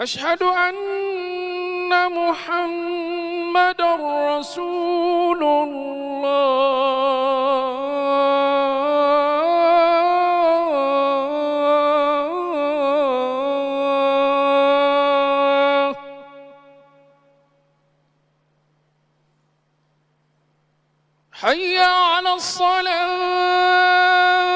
أشهد أن محمد رسول الله حي على الصلاه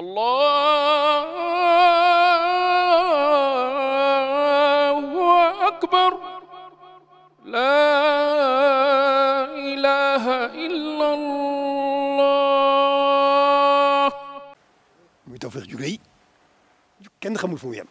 allahu akbar laa ilaaha illa allah muy tawfeex ju rëy kenn xamul fu mu yem